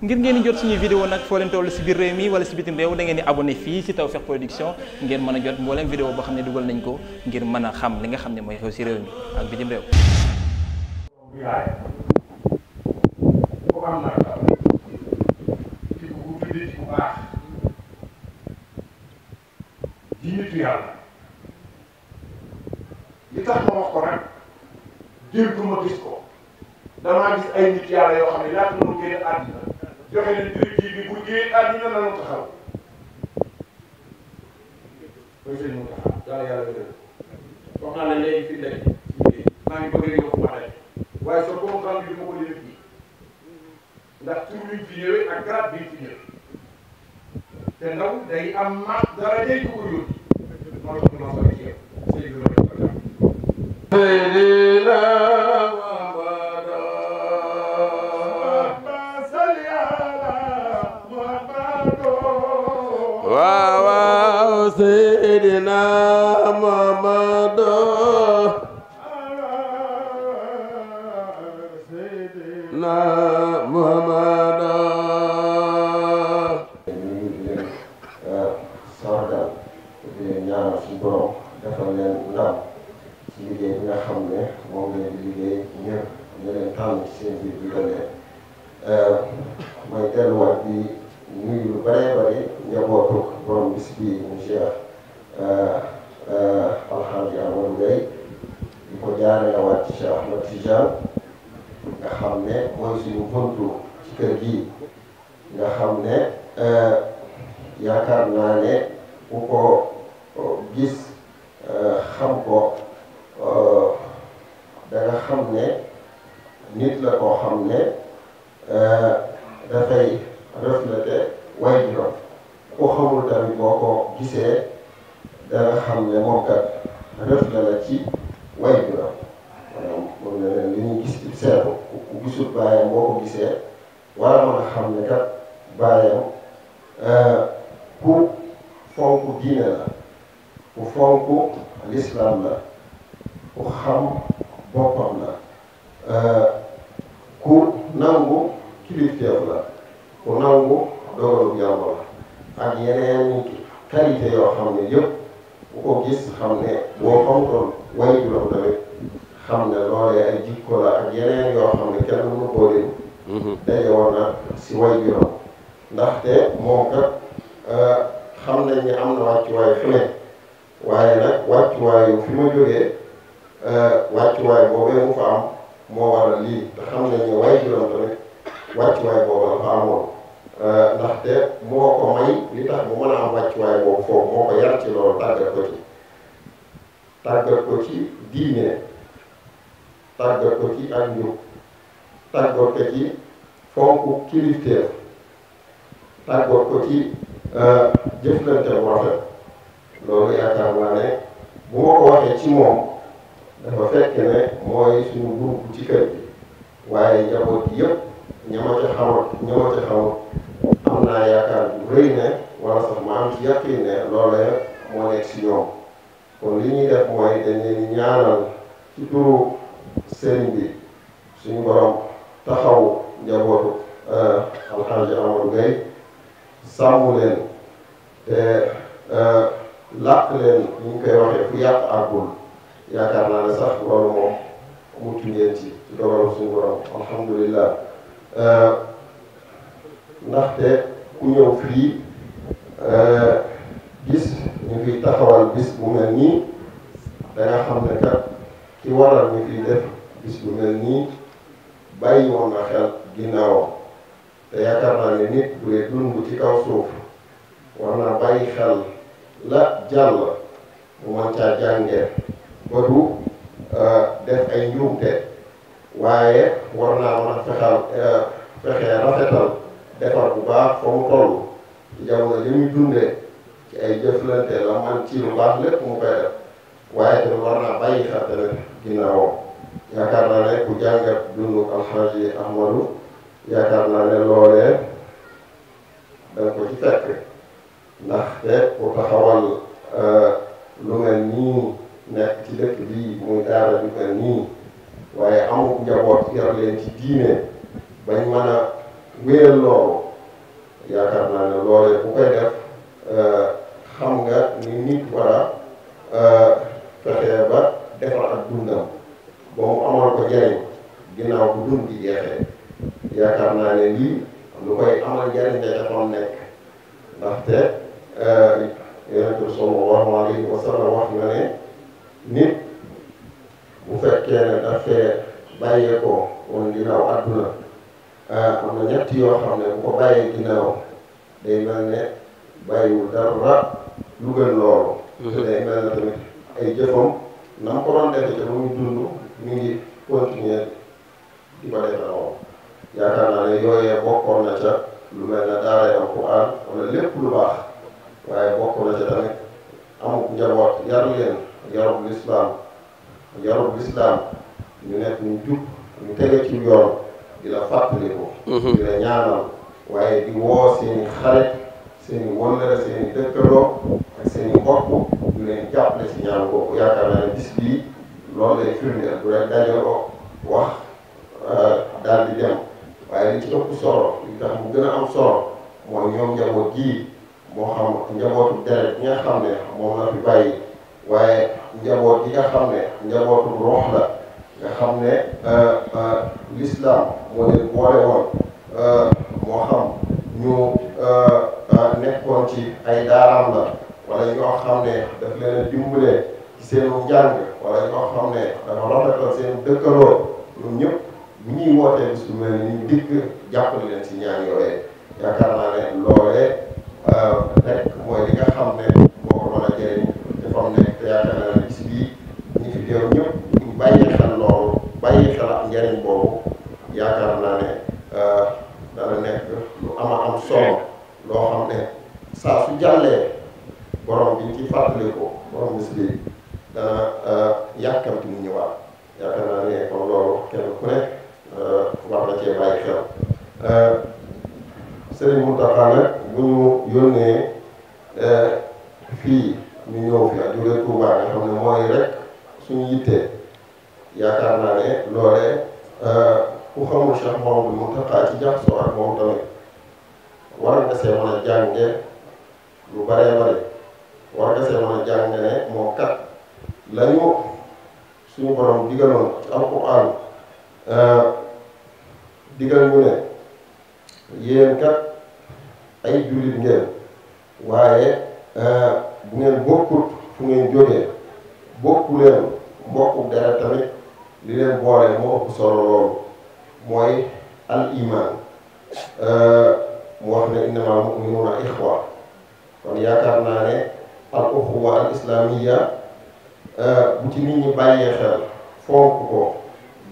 ngir ngeen jot suñuy vidéo nag foo leen toll si biir réew mi wala si bitim réew da ngeen di abonné fii si Tawfekh Production ngeen mën a jot mbooleem vidéo boo xam ne dugal nañ ko ngir mën a xam li nga xam ne mooy xew si réew mi ak tax ma wax ko nag joxe nañ directive bi bu jiyee àddina nanu taxaw mooy sëñ mu taxaw yàlla yàlla gërëm wax naa la léegi fi ndek maa ngi bëgg di wax ma rek waaye sa programme bi dama ko def fii ndax tur bi fi ñëwee ak grade bi fi ñëwee te ndaw day am ma dara day ko yóbbu moo tax ñu ma ko ci yow sëñ bi waaw waaw Seydina Muhammad tijaar yeneen yoo xam ne kenn mënu koo lim. daje woon fonk kilifteef tàggoot ko ci euh, jëflante bu rafet loolu yaakaar naa ne bu ma ko ci moom dafa fekk ne mooy suñu groupe ci kër gi waaye njaboot gi yëpp ña ma ca xamoon ña ma ca xamoon am naa yaakaar bu rëy ne wala sax ma am ci yaqin ne loolee moo nekk si ñoom kon li ñuy def mooy dañ leen ñaanal ci turu sëriñ bi suñu borom taxaw njabootu euh, alxaaji Amadou Gaye sàmm leen te euh, làq leen ñu ngi koy waxee fu yàq naa ne sax loolu moom mucc ngeen ci ci dogalam suñu borom alhamdulilah euh, ndaxte ku ñëw fii gis ñu fi taxawal bis bu mel nii da nga xam ne kat ki waral ñu fiy def bis bu mel nii bàyyi woon ginnaawam te yaakaar naa ne nit bu dee dund ci kaw suuf war naa bàyyi xel la jàll mu caa jàngee ba du euh, def ay njuumte waaye war naa mën a fexal euh, fexee rafetal defar bu baax fa mu toll ci jamono li ci ay jëflante la man ci lu baax lépp mu koy def waaye tamit war naa bàyyi xel tamit ginnaawam yaakaar naa ne ku jàngat dundu alxaaji Ahmadu yaakaar naa ne loolee danga ko ci fekk ndaxte taxawal euh, lu mel nii nekk ci dëkk bii muy daara bi mel nii waaye amut njaboot yar leen ci diine bañ mën a wéyal loolu yaakaar ku koy def euh, xam nga ni nit war a euh, fexe ba defar ak dundam ba mu amal ko jariñ gi jeexee yaakaar naa ne lii lu koy amal jariñ la dafa nekk ndaxte eh, yonent bi sallallahu alayhi wa sallam wax na ne nit bu fekkee ne dafee bàyyeekoo woon ginnaaw àdduna eh, am na ñett yoo xam ne bu ko bàyyee ginnaaw day mel ne bàyyiwul dara lu gën loolu. Mhm. day mel ne tamit ay jëfam na mu ko doon defee te ba muy dund mi ngi continuer di ko defee loolu. yaakaar naa ne yooyee bokkoon na ca lu mel ne daaray alquran wala lépp lu baax waaye bokkoon na ca tamit amuk njaboot yar leen yarub lislaam yarub lislaam ñu nekk ñu jub ñu tege ci yoon di la fàttaliku mhm. di la ñaanal waaye di woo seeni xarit seeni wëllëre seeni dëkkandoo ak seeni mbokk ñu leen jàppale si ñaan boobu yaakaar naa ne bis bii loolu lay firndeel bu rek dajoo wax euh, daal di dem waaye li ci ëpp solo li tax mu gën a am solo mooy ñoom njaboot ji moo xam njabootu deret bi nga xam ne moom la fi waaye njaboot gi nga xam ne njabootu roox la xam ne euh, euh, l'islam moo leen boole woon euh, moo xam ñu nekkoon ci ay daaram la wala ñoo xam ne daf leen a dimbalee ci seenu njàng wala ñoo xam ne dafa rafetal xam ne saa su jàllee borom bi ñu ciy fàttali ko borom bi si biir dana euh, yàkkamti mu naa ne kon kenn ku nekk euh, war na cee bàyyi xel euh, Serigne Mountakha nag bu ñu yónnee fii ñu ñëw fi ak jóge Touba nga xam ne mooy rek suñu yittee yaakaar naa ne loolee ku xamul Cheikh Mouhamadou Mountakha ci jaxasoo ak moom tamit. war nga see mën a jànge lu baree bari war nga see mën a jànge ne moo kat lañu suñu borom digaloon ci alquran euh, digal ñu ne kat ay jullit ngeen waaye euh, bu ngeen bokkut fu ngeen jógee bokku leen mbokku dara li leen boole moo ëpp mooy al iman euh, mu wax ne innamal mu'minuna ixwa kon yaakaar naa ne al uxuwa al islamiya euh, bu ci nit ñi bàyyee xel fonk ko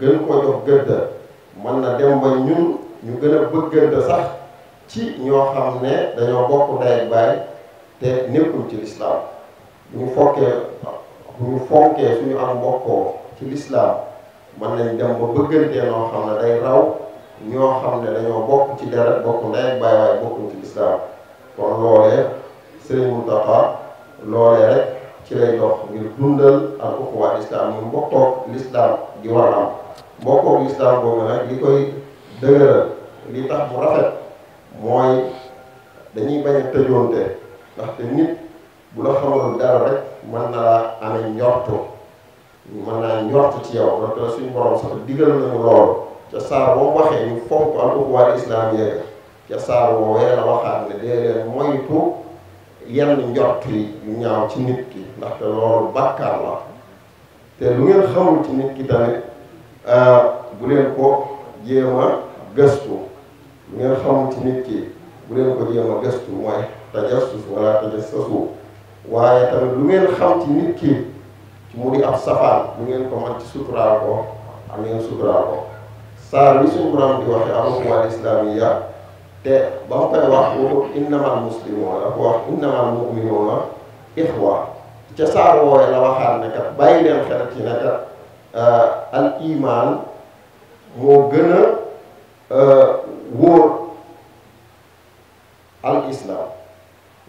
gën ko jox gëdda mën na dem ba ñun ñu gën a bëggante sax ci ñoo xam ne dañoo bokk ndey baay te nekkuñ ci lislaam bu ñu fokkee bu fonkee suñu am bokkoo ci lislaam mën nañ dem ba bëggantee noo xam ne day raw ñoo xam ne dañoo bokk ci dara bokk ndey ak baay waaye bokkuñ ci kon loolee Sëriñ Muntaxa loolee rek ci lay dox ngir dundal ak uxuwaat lislaam ñu mbokkoog lislaam gi war am mbokkoog lislaam boobu nag li koy dëgëral li tax bu rafet mooy dañuy bañ a tëjoonte ndaxte nit bu la xamal dara rek mën na laa amee njortu mën naa njortu ci yow loolu suñu borom sax digal nañu loolu ca saar boobu waxee ñu fonk al uxuwaan islaamiya ga ca saar woowee la waxaat ne dee leen moytu yenn njort yi ñaaw ci nit ki ndaxte loolu bàkkaar la te lu ngeen xamul ci nit ki tamit euh, bu leen ko jéem a lu ngeen xamul ci nit ki bu leen ko jéem a mooy tajassus wala tajassasu waaye tamit lu ngeen xam ci nit ki mu di ab safaan lu ngeen ko man ci suturaal ko am ngeen suturaal ko saa bi suñu borom di waxee amakumal islamiya te ba ma wax waxul innamal muslimuuna dafa wax innamal muminuuna ixwa ca saar woowee la waxaat ne kat bàyyi leen xel ci ne euh, al iman moo gën a euh, al islam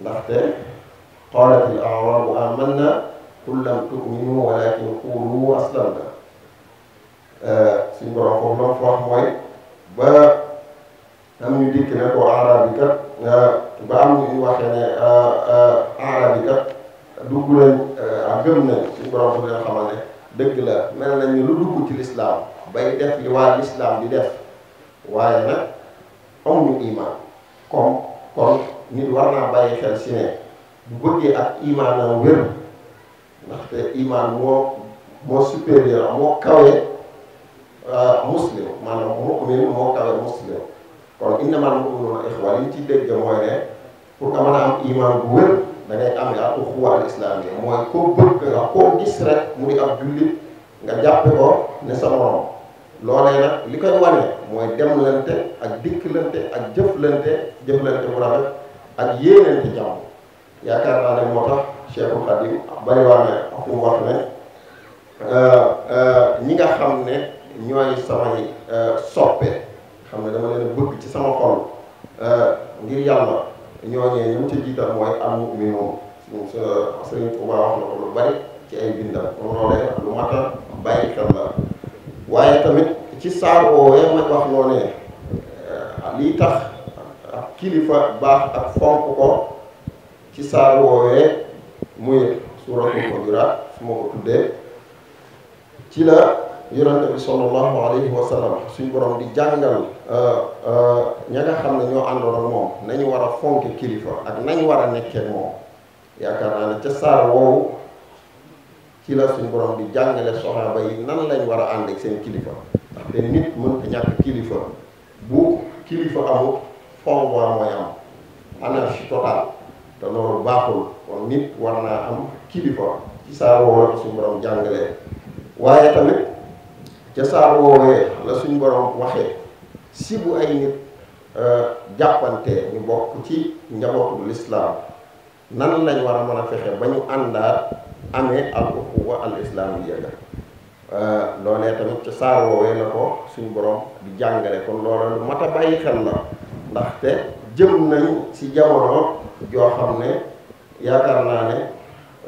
ndaxte qaalat al arabu amanna qul lam tuminu walakin qulu aslamna euh, suñu borom foofu la wax naa ba am ñu dikk ne ko arab yi kat euh, ba am waxee ne euh, euh, arab yi kat dugg nañ gëm nañ suñu borom bu leen la mel nañ ni lu dugg lislaam bay def li waa lislaam di def waaye nag amuñu iman comme kon nit war naa bàyyi xel si ne bu bëggee ak imaanam wér ndaxte iman moo moo supérieur moo kawee Euh, muslim maanaam mu'min moo kawe muslim kon innamal mu'minuuna ixwa li ñu ciy dégg mooy ne pour nga mën a am iman bu wér da ngay am al uxuwa al islamiyya mooy koo bëgg nga koo gis rek muy ab jullit nga jàppe ko ne sa morom loolee nag li koy wane mooy demlante ak dikklante ak jëflante jëflante bu rafet ak yéenante jàmm yaakaar naa ne moo tax Cheikhul Khadim bari ak mu wax ne euh, euh, ñi nga xam ne ñooy samay euh, soppe xam ne dama leen bëgg ci sama xol euh, ngir yàlla ñooñee ñu mu ci jiital mooy al mu'minuun moom sa sëriñ Tuubaa wax na ko lu bari ci ay bindam kon loolee lu mat a bàyyi waaye tamit ci saar woowee ma wax noonee euh, lii tax ak kilifa baax ak fonk ko ci saar woowee muy suuratul Hujuuraat su ma ko tuddee ci la yonente bi sallallahu alayhi wa sallam suñu euh, euh, xam ne ñoo nañu war a fonk kilifa ak nañu war a yaakaar naa ne ca saar woowu borom di jàngale soxaaba yi nan lañ war a ànd ak seen kilifa ndaxte nit mënta ñàkk kilifa bu kilifa amul fonk war mooy am anarchie totale te loolu baaxul kon nit war naa am kilifa ci saar woowu la borom jàngalee waaye tamit ca saar woowee la suñ borom waxee si bu ay nit euh, jàppantee ñu bokk ci njabootu lislaam nan lañ war a mën a fexe ba ñu àndaat amee al uxuwa al islaamiyya euh, loolee tamit ca saar woowee la ko suñ borom di jàngale kon loola lu mat a bàyyi xel la ndaxte jëm nañu si jamono joo xam ne yaakaar naa ne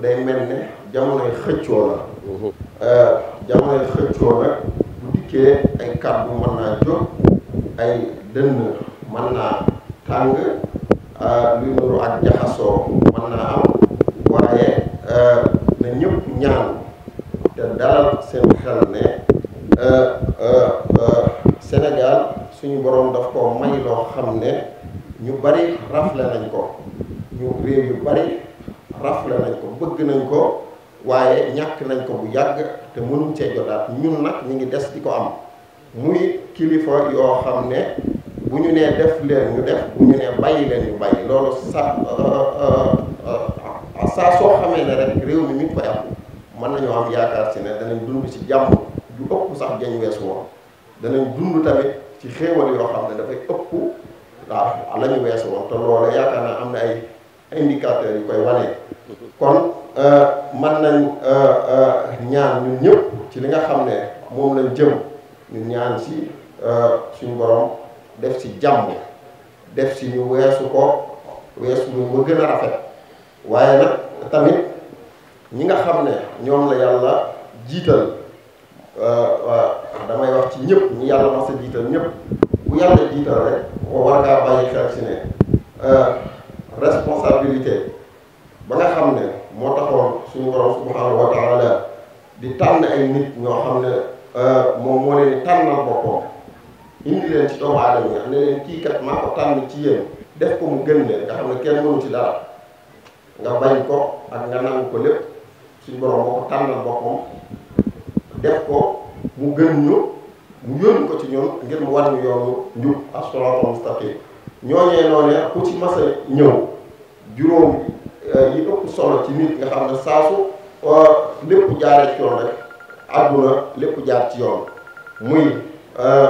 day mel ne jamonoy xëccoo la Mhm. Euh, jamono xëccoo nag bu dikkee ay kàddu mën naa jóg ay dënn mën naa tàng ñun nag ñu ngi des di ko am muy kilifa yoo xam ne bu ñu nee def leen ñu def bu ñu nee bàyyi leen ñu bàyyi loolu sa euh, euh, euh, saa soo xamee ne rek réew mi mi ngi koy am mën nañoo am yaakaar si ne danañ dund ci jàmm ju ëpp sax jañ wees woon danañ dund tamit ci xéewal yoo xam ne dafay ëpp waaw la ñu wees woon te loolu yaakaar naa am na ay indicateur yi koy wane kon euh, man nañ euh, euh, ñaan ñun ñëpp ci li nga xam ne moom lañ jëm ñu ñaan si suñu borom def si jàmm def si ñu weesu ko weesu ñu mu gën a rafet waaye nag tamit ñi nga xam ne ñoom la yàlla jiital damay wax ci ñëpp ñi yàlla mas a jiital ñëpp bu yàlla jiital rek war ngaa bàyyi xel si ne responsabilité ba nga xam ne moo taxoon suñu borom subhanahu wa taala di tànn ay nit ñoo xam ne euh, moom moo leen tànnal boppam indi leen ci doomu aadama nga xam ne leen kii kat maa ko tànn ci yéen def ko mu gën leen nga xam ne kenn mënu ci dara nga bañ ko ak nga nangu ko lépp suñu borom moo ko tànnal boppam def ko mu gën ñu mu yónni ko ci ñun ngir mu war ñu yoonu njub as-siraatal mustaqim ñooñee noonee ku ci mas ñëw juróom euh, yi ëpp solo ci nit nga xam ne saasu euh, lépp jaaree ci yoon rek àdduna lépp jaar ci yoon muy euh,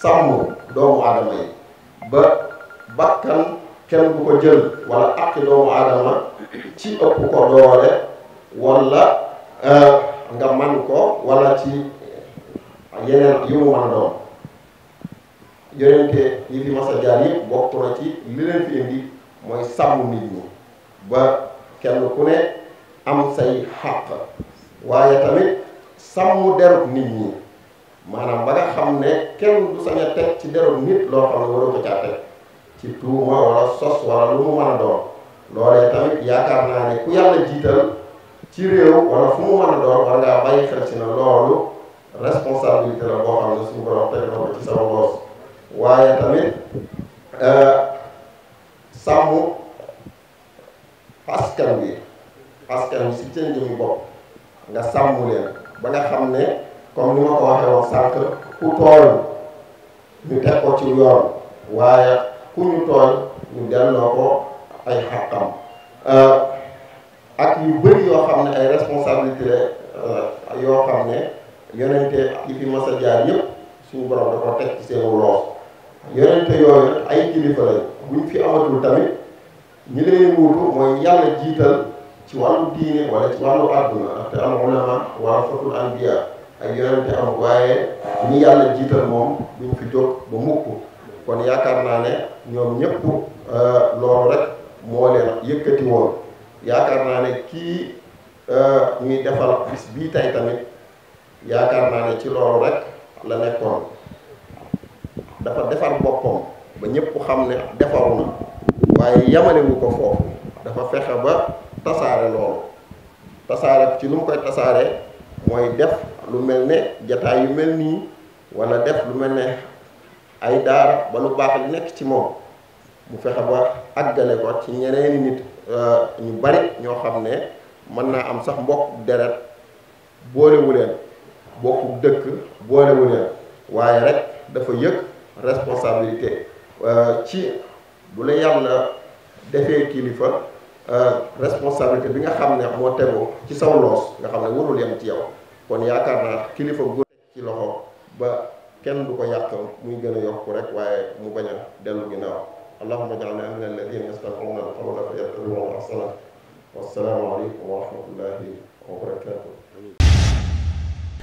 sàmm doomu aadama yi ba bakkan kenn bu ko jël wala àqi doomu aadama ci ëpp ko doole wala nga man ko wala ci yeneen yu man doon yonente yi fi mas a jaar yëpp bokk na ci li fi indi mooy sàmm nit ñi ba kenn ku ne am say xàq waaye tamit sàmm derut nit ñi maanaam ba nga xam ne kenn du sañ a teg ci derut nit loo xam ne waroo ko caa teg ci tuuma wala sos wala lu mu mën a doon loolee tamit yaakaar naa ne ku yàlla jiital ci réew wala fu mu mën a doon war ngaa bàyyi ci na loolu responsabilité la boo xam ne suñu borom teg na ko ci sama boos waaye tamit euh, sàmm askan bi askan bi si seen jëmmu bopp nga sàmm leen ba nga xam ne comme ni ma ko waxee woon ku tooñ ñu delloo ko ay xàqam euh, ak yu bëri yoo xam ne ay responsabilité euh, yoo xam ne yonente yi fi mas a suñu borom da ko teg seen loos yooyu ay kilifa lañ buñ fi amatul tamit ñi leen wuutu mooy yàlla jiital ci wàllu diine wala ci wàllu àdduna ndaxte al ulama warasatul anbiya ay yonente am waaye ñi yàlla jiital moom duñ fi jóg ba mukk kon yaakaar naa ne ñoom ñëpp euh, loolu rek moo leen yëkkati woon yaakaar naa ne kii euh, ñuy defal bis bii tey tamit yaakaar naa ne ci loolu rek la nekkoon dafa defar boppam ba ñëpp xam ne defaru na waaye yamalewu ko foofu dafa fexe ba tasaare loolu tasaare ci lu mu koy tasaare mooy def lu mel ne jataay yu mel nii wala def lu mel ne ay daara ba lu baax li nekk ci moom mu fexe ba àggale ko ci ñeneeni nit euh, ñu bari ñoo xam ne mën naa am sax mbokk deret boolewu boolewuleen bokku dëkk boolewuleen waaye rek dafa yëg responsabilité euh, ci bu la yàlla defee kilifa euh, responsabilité bi nga xam ne moo tegoo ci saw loos nga xam ne warul yem ci yow kon yaakaar naa kilifa gu ci loxo ba kenn du ko yàq muy gën a yokku rek waaye mu baña a dellu ginnaaw allahumma ja'alna min alladhina yastami'una al-qawla fayattabi'una ahsanah wassalaamu aleykum wa rahmatullahi wa barakatuh